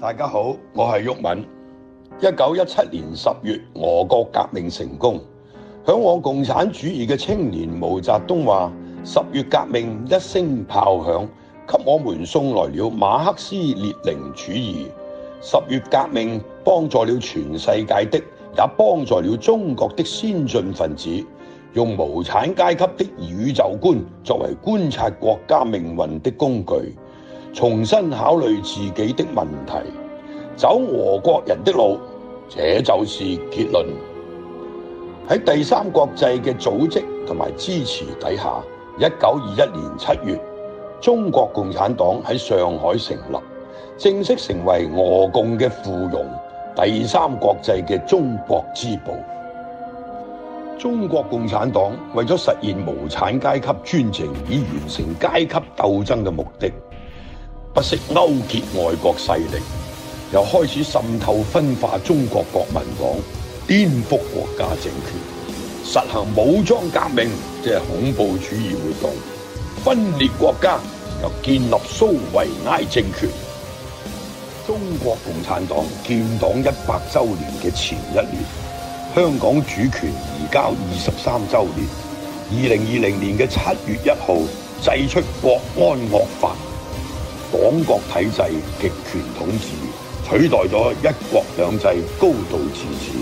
大家好，我係毓民。一九一七年十月，俄國革命成功。嚮往共產主義嘅青年毛澤東話：十月革命一聲炮響，給我們送來了馬克思列寧主義。十月革命幫助了全世界的，也幫助了中國的先進分子，用無產階級的宇宙觀作為觀察國家命運的工具。重新考慮自己的問題，走俄國人的路，這就是結論。喺第三國際嘅組織同埋支持底下，一九二一年七月，中國共產黨喺上海成立，正式成為俄共嘅附庸，第三國際嘅中國支部。中國共產黨為咗實現無產階級專政以完成階級鬥爭嘅目的。不惜勾結外國勢力，又開始滲透分化中國國民黨，顛覆國家政權，實行武裝革命，即係恐怖主義活動，分裂國家，又建立蘇維埃政權。中國共產黨建黨一百周年嘅前一年，香港主權移交二十三周年，二零二零年嘅七月一號，祭出國安惡法。黨國體制極權統治取代咗一國兩制高度自治，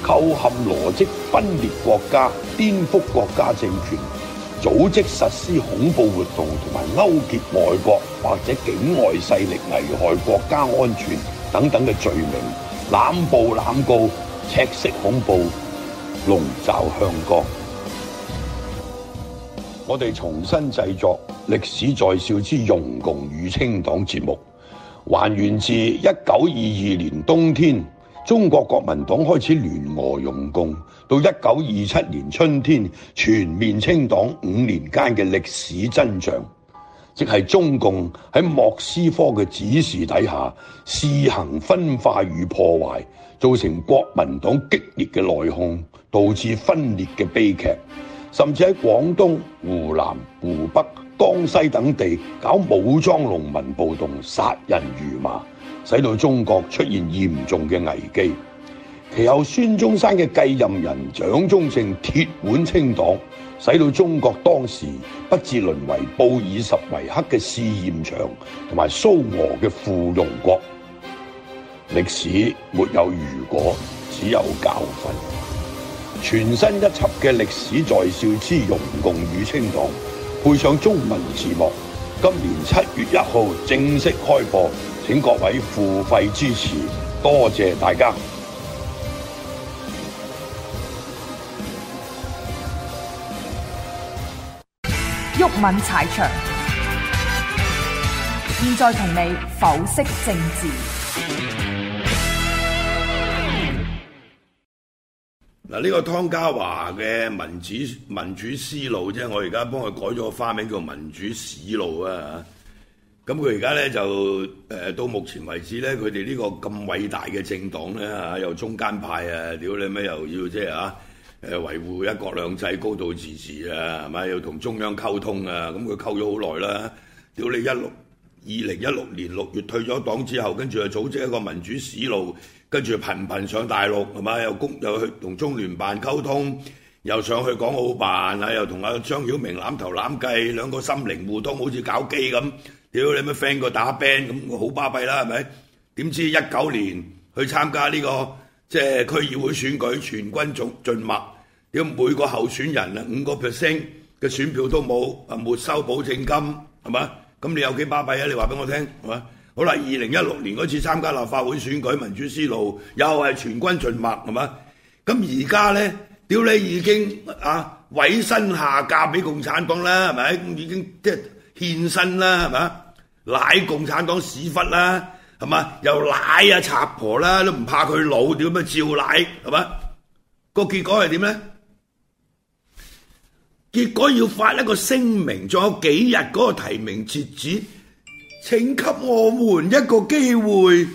構陷羅織分裂國家、顛覆國家政權、組織實施恐怖活動同埋勾結外國或者境外勢力危害國家安全等等嘅罪名，濫捕濫告、赤色恐怖籠罩香港。我哋重新製作歷史在笑之容共與清黨節目，還原至一九二二年冬天，中國國民黨開始聯俄容共，到一九二七年春天全面清黨五年間嘅歷史真相，即係中共喺莫斯科嘅指示底下試行分化與破壞，造成國民黨激烈嘅內訌，導致分裂嘅悲劇。甚至喺廣東、湖南、湖北、江西等地搞武裝農民暴動，殺人如麻，使到中國出現嚴重嘅危機。其後孫中山嘅繼任人蔣中正鐵腕清黨，使到中國當時不至淪為布爾什維克嘅試驗場，同埋蘇俄嘅附庸國。歷史沒有如果，只有教訓。全新一輯嘅歷史在笑之容共與清黨，配上中文字幕，今年七月一號正式開播，請各位付費支持，多謝大家。毓民踩場，現在同你剖析政治。呢、這個湯家驊嘅民主民主思路啫，我而家幫佢改咗個花名叫民主屎路啊！咁佢而家呢，就誒到目前為止呢，佢哋呢個咁偉大嘅政黨呢，嚇，又中間派啊，屌你咩又要即係啊，誒維護一國兩制高度自治啊，係咪又同中央溝通啊？咁佢溝咗好耐啦，屌你一六二零一六年六月退咗黨之後，跟住又組織一個民主屎路。跟住頻頻上大陸，係嘛？又去同中聯辦溝通，又上去港澳辦，又同阿張曉明攬頭攬計，兩個心靈互通，好似搞基咁。屌你乜 friend 個打 band 咁，好巴閉啦，係咪？點知一九年去參加呢個即係區議會選舉，全軍總盡墨，每個候選人五個 percent 嘅選票都冇，沒沒收保證金係咪？咁你有幾巴閉啊？你話俾我聽係嘛？係嘛？好啦，二零一六年嗰次參加立法會選舉，民主思路又係全軍盡墨，係嘛？咁而家咧，屌你已經啊委身下嫁俾共產黨啦，係咪？已經即係獻身啦，係嘛？奶共產黨屎忽啦，係嘛？又奶啊，賊婆啦，都唔怕佢老，點樣照奶係嘛？個結果係點咧？結果要發一個聲明，仲有幾日嗰個提名截止？請給我們一個機會，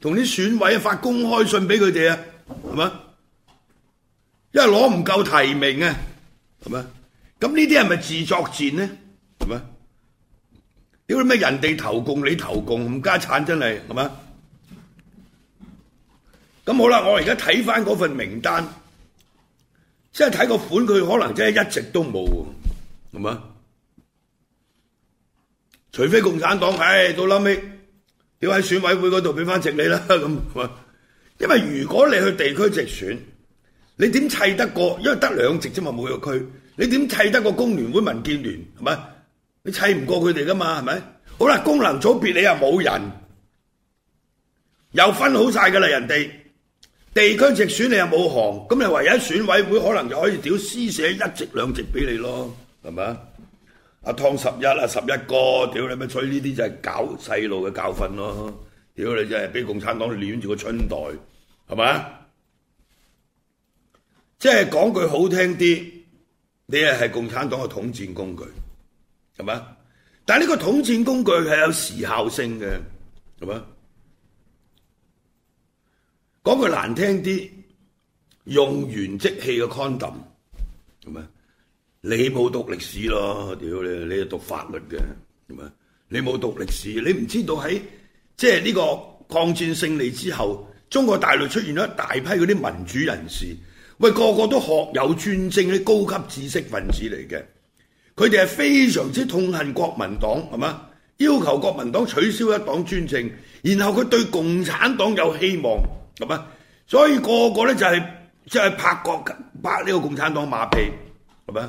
同啲選委發公開信俾佢哋啊，係咪？因為攞唔夠提名啊，係咪？咁呢啲係咪自作賤呢？係咪？屌你咩，人哋投共你投共，冚家產真係，係咪？咁好啦，我而家睇翻嗰份名單，即係睇個款，佢可能真係一直都冇，係咪？除非共產黨，唉，到臨尾屌喺選委會嗰度俾翻席你啦咁，因為如果你去地區直選，你點砌得過？因為得兩席啫嘛，每個區，你點砌得過工聯會、民建聯，係咪？你砌唔過佢哋噶嘛？係咪？好啦，功能組別你又冇人，又分好曬㗎啦，人哋地區直選你又冇行，咁你唯一選委會可能就可以屌施捨一席兩席俾你咯，係咪啊？阿、啊、湯十一啊，十一哥，屌你，咪吹呢啲就係搞細路嘅教訓咯，屌你真係俾共產黨捏住個春袋，係嘛？即係講句好聽啲，你係係共產黨嘅統戰工具，係嘛？但係呢個統戰工具係有時效性嘅，係嘛？講句難聽啲，用完即棄嘅 condom，係咪？你冇讀歷史咯，屌你！你係讀法律嘅，係咪？你冇讀歷史，你唔知道喺即係呢個抗戰勝利之後，中國大陸出現咗一大批嗰啲民主人士，喂個個都學有專精，啲高級知識分子嚟嘅，佢哋係非常之痛恨國民黨，係嘛？要求國民黨取消一黨專政，然後佢對共產黨有希望，係咪？所以個個咧就係即係拍國拍呢個共產黨馬屁，係咪？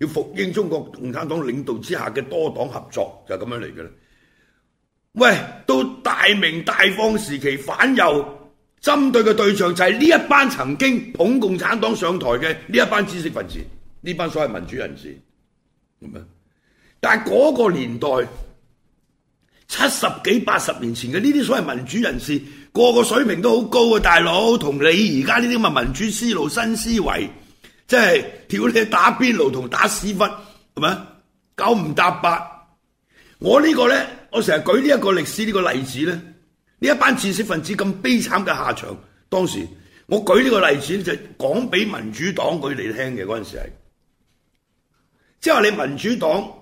要服膺中國共產黨領導之下嘅多黨合作，就咁樣嚟嘅啦。喂，到大鳴大放時期反右，針對嘅對象就係呢一班曾經捧共產黨上台嘅呢一班知識分子，呢班所謂民主人士。是但係嗰個年代七十幾八十年前嘅呢啲所謂民主人士，個個水平都好高啊！大佬，同你而家呢啲民主思路、新思維。即係挑你打邊爐同打屎忽，係咪九唔搭八？我呢個咧，我成日舉呢一個歷史呢個例子咧，呢一班知識分子咁悲慘嘅下場。當時我舉呢個例子就講俾民主黨佢哋聽嘅嗰陣時係，即係話你民主黨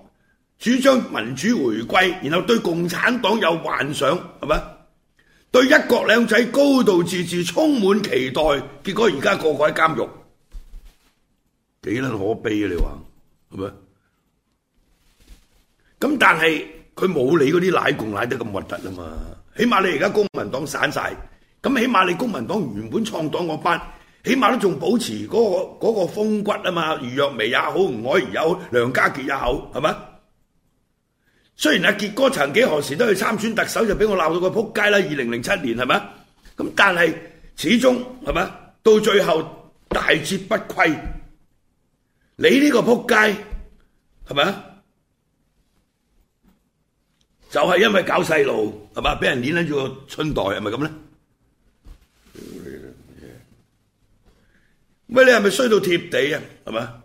主張民主回歸，然後對共產黨有幻想，係咪？對一國兩制高度自治充滿期待，結果而家個個喺監獄。幾卵可悲啊！你話係咪？咁但係佢冇你嗰啲奶共奶得咁核突啊嘛！起碼你而家公民黨散晒，咁起碼你公民黨原本創黨嗰班，起碼都仲保持嗰個嗰個風骨啊嘛！余若薇也好，吳靄儀也好，梁家傑也好，係咪？雖然阿傑哥曾幾何時都去參選特首，就俾我鬧到個撲街啦！二零零七年係咪？咁但係始終係咪到最後大節不虧。你呢個撲街係咪啊？就係因為搞細路係嘛，俾人攆喺住個春袋，係咪咁咧？乜，你係咪衰到貼地啊？係嘛？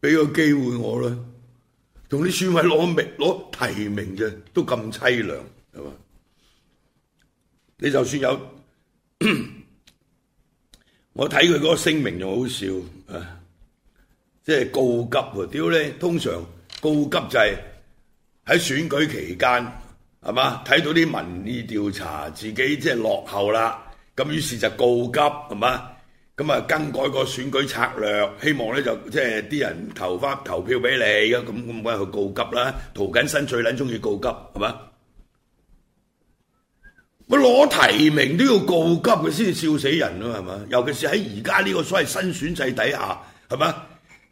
俾個機會我啦，同啲選委攞名攞提名啫，都咁凄涼係嘛？你就算有，我睇佢嗰個聲明仲好笑啊！即係告急喎，屌咧！通常告急就係喺選舉期間，係嘛？睇到啲民意調查自己即係落後啦，咁於是就告急，係嘛？咁啊，更改個選舉策略，希望咧就即係啲人投翻投票俾你嘅，咁咁鬼去告急啦！涂謹申最捻中意告急，係嘛？我攞提名都要告急，佢先笑死人咯，係嘛？尤其是喺而家呢個所謂新選制底下，係嘛？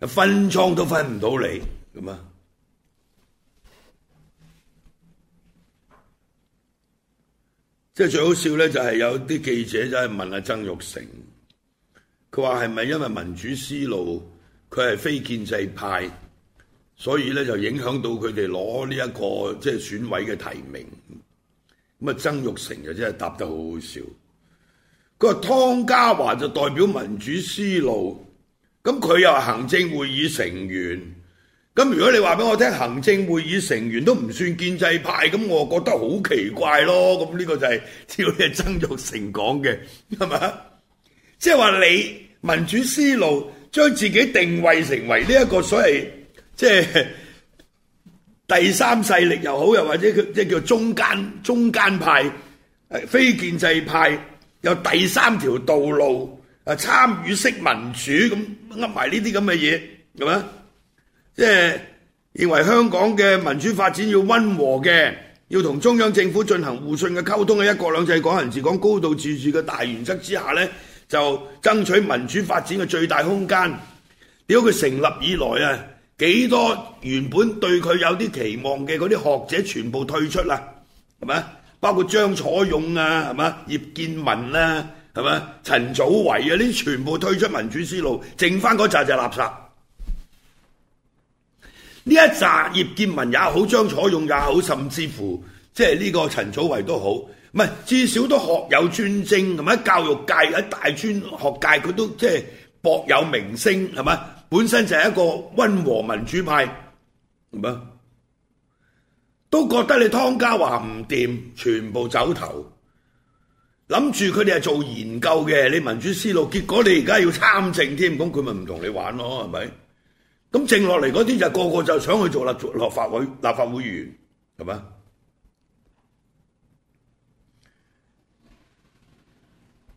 分贓都分唔到你，咁啊！即係最好笑咧，就係有啲記者就係問阿曾鈺成，佢話係咪因為民主思路，佢係非建制派，所以咧就影響到佢哋攞呢一個即係、就是、選委嘅提名。咁啊，曾鈺成就真係答得好好笑，佢話湯家驊就代表民主思路。咁佢又行政會議成員，咁如果你話俾我聽行政會議成員都唔算建制派，咁我覺得好奇怪咯。咁呢個就係聽阿曾鈺成講嘅，係嘛？即係話你民主思路，將自己定位成為呢一個所謂即係第三勢力又好，又或者即係叫中間中間派，非建制派有第三條道路。參與式民主咁噏埋呢啲咁嘅嘢，係咪？即係、就是、認為香港嘅民主發展要温和嘅，要同中央政府進行互信嘅溝通，喺一國兩制、港人治港、高度自治嘅大原則之下呢，就爭取民主發展嘅最大空間。屌佢成立以來啊，幾多原本對佢有啲期望嘅嗰啲學者全部退出啦，係咪？包括張楚勇啊，係咪？葉建文啦。係嘛？陳祖為啊，呢啲全部退出民主思路，剩返嗰扎就是垃圾。呢一扎葉健民也好，張楚勇也好，甚至乎即係呢個陳祖為都好，唔係至少都學有專精，係嘛？教育界喺大專學界，佢都即係薄有名聲，係嘛？本身就係一個温和民主派，係嘛？都覺得你湯家驊唔掂，全部走頭。諗住佢哋係做研究嘅，你民主思路，結果你而家要參政添，咁佢咪唔同你玩咯？係咪？咁剩落嚟嗰啲就個個就想去做立立法會立法會員，係咪？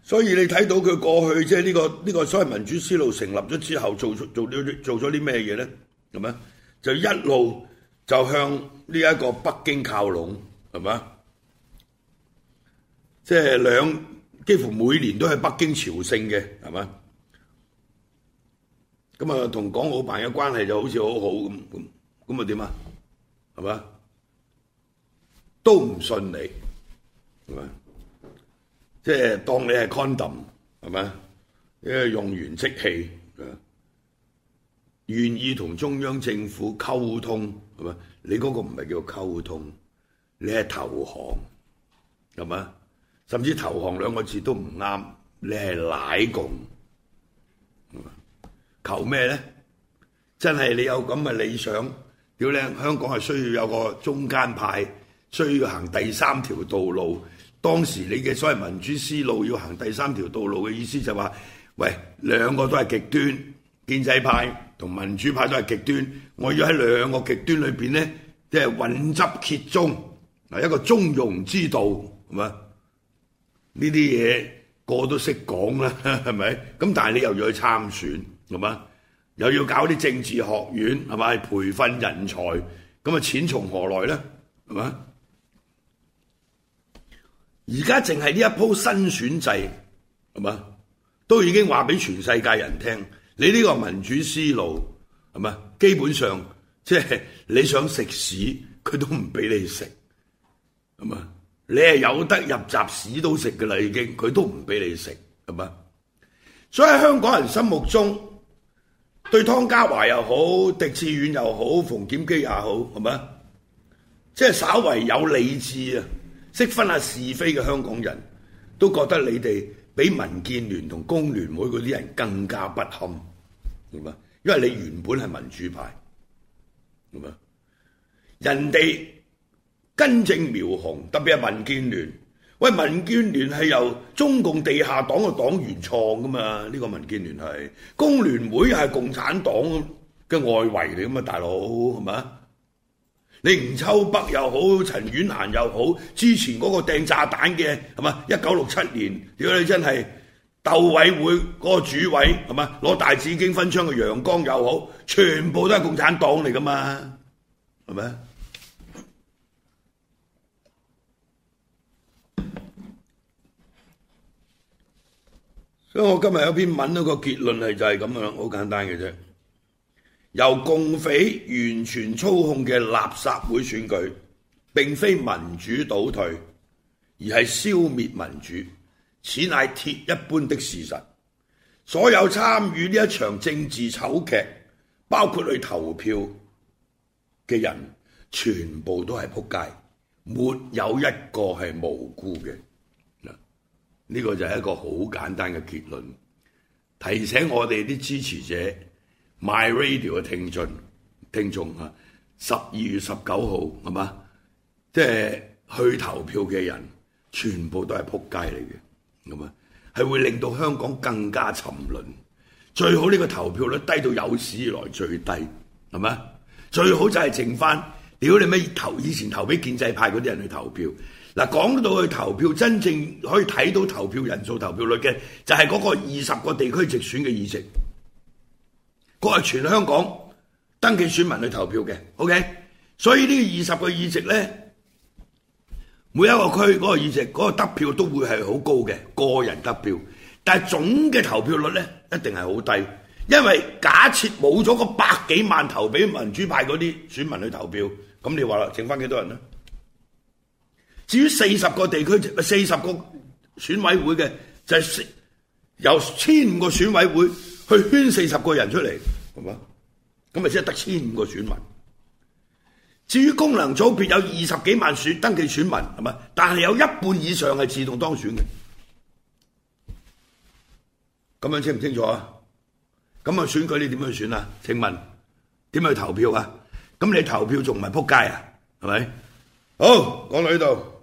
所以你睇到佢過去即係呢個呢個，所謂民主思路成立咗之後，做做啲做咗啲咩嘢咧？係咪？就一路就向呢一個北京靠攏，係咪？即係兩幾乎每年都喺北京朝聖嘅，係嘛？咁啊，同港澳辦嘅關係就好似好好咁咁咁啊？點啊？係嘛？都唔信你係嘛？即係、就是、當你係 condom 係嘛？因為用完即棄，願意同中央政府溝通係嘛？你嗰個唔係叫溝通，你係投降係嘛？是吧。甚至投降兩個字都唔啱，你係奶共，求咩呢？真係你有咁嘅理想，屌你，香港係需要有個中間派，需要行第三條道路。當時你嘅所謂民主思路要行第三條道路嘅意思就係話：喂，兩個都係極端，建制派同民主派都係極端，我要喺兩個極端裏面呢，即係允執厥中，嗱，一個中庸之道，係咪？呢啲嘢個都識講啦，係咪？咁但係你又要去參選，係嘛？又要搞啲政治學院，係咪培訓人才？咁啊錢從何來咧？係嘛？而家淨係呢一鋪新選制，係嘛？都已經話俾全世界人聽，你呢個民主思路係嘛？基本上即係、就是、你想食屎，佢都唔俾你食，係嘛？你係有得入閘，屎都食嘅啦，已經佢都唔俾你食，係嘛？所以喺香港人心目中，對湯家驊又好，狄志遠又好，馮檢基也好，係嘛？即係稍為有理智啊，識分下是非嘅香港人都覺得你哋比民建聯同工聯會嗰啲人更加不堪，係嘛？因為你原本係民主派，係嘛？人哋。根正苗紅，特別係民建聯。喂，民建聯係由中共地下黨嘅黨員創噶嘛？呢、這個民建聯係工聯會係共產黨嘅外圍嚟噶嘛？大佬，係咪你吳秋北又好，陳婉嫻又好，之前嗰個掟炸彈嘅係嘛？一九六七年屌你真係鬥委會嗰個主委係嘛？攞大紫荊分槍嘅楊光又好，全部都係共產黨嚟噶嘛？係咪？因為我今日有篇文，嗰個結論係就係咁樣，好簡單嘅啫。由共匪完全操控嘅垃圾會選舉，並非民主倒退，而係消滅民主，此乃鐵一般的事實。所有參與呢一場政治醜劇，包括去投票嘅人，全部都係仆街，沒有一個係無辜嘅。呢個就係一個好簡單嘅結論，提醒我哋啲支持者、My Radio 嘅聽眾、聽眾啊，十二月十九號係嘛？即係去投票嘅人，全部都係撲街嚟嘅，咁啊，係會令到香港更加沉淪。最好呢個投票率低到有史以來最低，係嘛？最好就係剩翻屌你乜投以前投俾建制派嗰啲人去投票。嗱，講到去投票，真正可以睇到投票人數、投票率嘅，就係嗰個二十個地區直選嘅議席，嗰係全香港登記選民去投票嘅。OK，所以呢二十個議席咧，每一個區嗰個議席嗰個得票都會係好高嘅個人得票，但係總嘅投票率咧一定係好低，因為假設冇咗個百幾萬投俾民主派嗰啲選民去投票，咁你話啦，剩翻幾多人咧？至於四十個地區，四十個選委會嘅就係由千五個選委會去圈四十個人出嚟，係嘛？咁咪先得千五個選民。至於功能組別有二十幾萬選登記選民，係咪？但係有一半以上係自動當選嘅，咁樣清唔清楚啊？咁啊選舉你點樣選啊？請問點樣去投票啊？咁你投票仲唔係撲街啊？係咪？好，講到呢度。